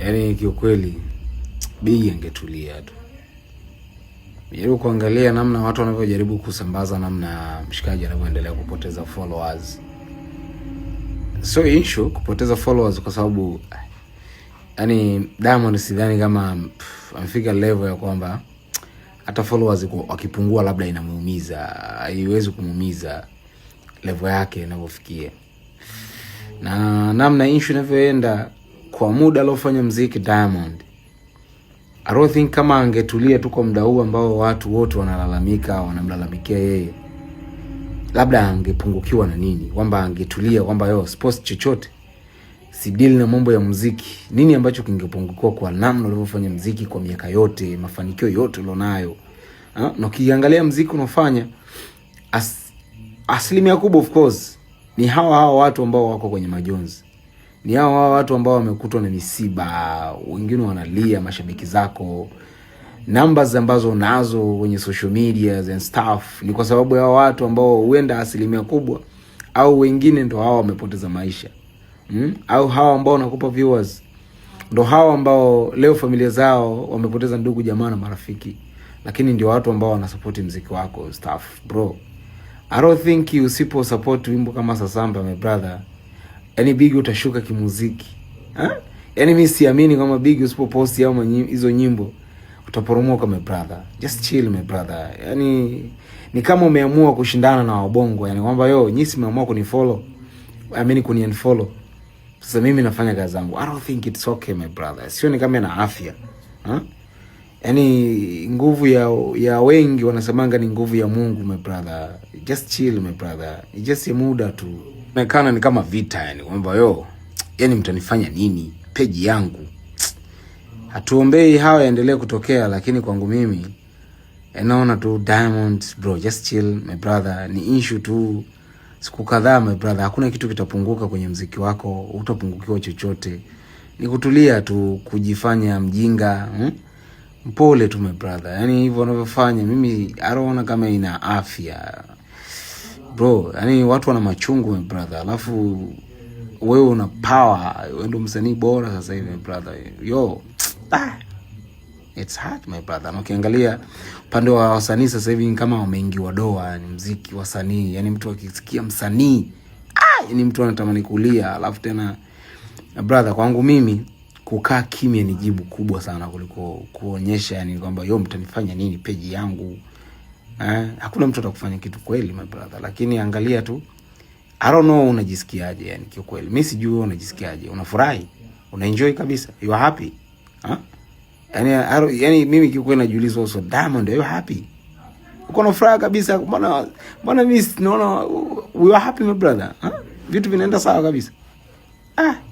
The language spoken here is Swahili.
yaani kiukweli Bigi angetulia tu. Jaribu kuangalia namna watu wanavyojaribu kusambaza, namna mshikaji anavyoendelea kupoteza followers. So issue kupoteza followers kwa sababu yani Diamond sidhani kama amefika level ya kwamba hata followers wakipungua labda inamuumiza, haiwezi kumuumiza level yake inavyofikia na namna issue inavyoenda kwa muda aliofanya mziki Diamond, I don't think kama angetulia tu kwa muda huu ambao watu wote wanalalamika wanamlalamikia yeye, labda angepungukiwa na nini, kwamba angetulia kwamba yo sports chochote si deal na mambo ya muziki. Nini ambacho kingepungukiwa kwa namna ulivyofanya muziki kwa miaka yote, mafanikio yote ulionayo ah, na no, ukiangalia muziki unaofanya as, asilimia kubwa of course ni hawa hawa watu ambao wako kwenye majonzi ni hawa watu ambao wamekutwa na misiba, wengine wanalia, mashabiki zako, numbers ambazo unazo kwenye social media and stuff, ni kwa sababu ya watu ambao huenda asilimia kubwa au wengine ndo hawa wamepoteza maisha mm? au hawa ambao wanakupa viewers ndo hawa ambao leo familia zao wamepoteza ndugu, jamaa na marafiki, lakini ndio watu ambao wanasapoti mziki wako stuff. Bro, I don't think usipo support wimbo kama Sasamba my brother yani Bigi utashuka kimuziki. Ha? Yani mi siamini kama Bigi usipoposti au hizo nyimbo utaporomoka my brother. Just chill my brother. Yani ni kama umeamua kushindana na wabongo, yani kwamba yo nyinyi mmeamua kunifollow. I mean kuniunfollow. Sasa mimi nafanya kazi zangu. I don't think it's okay my brother. Sio ni kama na afya. Ha? Yaani nguvu ya ya wengi wanasemanga ni nguvu ya Mungu my brother. Just chill my brother. Just ya muda tu tumekana ni kama vita, yani kwamba yo, yani mtanifanya nini peji yangu. Hatuombei hawa yaendelee kutokea, lakini kwangu mimi naona tu Diamond bro, just chill my brother, ni issue tu siku kadhaa my brother, hakuna kitu kitapunguka kwenye mziki wako, utapungukiwa chochote, ni kutulia tu, kujifanya mjinga hmm? Mpole tu my brother, yani hivyo unavyofanya, mimi aroona kama ina afya bro, yani watu wana machungu my brother, alafu wewe una power, wewe ndo msanii bora sasa hivi my brother. Yo, ah, it's hard my brother. Na ukiangalia upande wa wasanii sasa hivi kama wameingiwa doa, yani mziki wasanii, yani mtu akisikia msanii ah, yani mtu anatamani kulia, alafu tena brother, kwangu mimi kukaa kimya ni jibu kubwa sana kuliko kuonyesha, yani kwamba yo mtanifanya nini peji yangu Eh, hakuna mtu atakufanya kitu kweli my brother, lakini angalia tu. I don't know unajisikiaje yani kwa kweli. Mimi sijui wewe unajisikiaje. Unafurahi? Unaenjoy kabisa? You are happy? Ha? Yani, aro, yani mimi kwa kweli najiuliza also Diamond, are you happy? Uko na furaha kabisa. Mbona mbona mimi naona we are happy my brother? Ha? Vitu vinaenda sawa kabisa. Ah.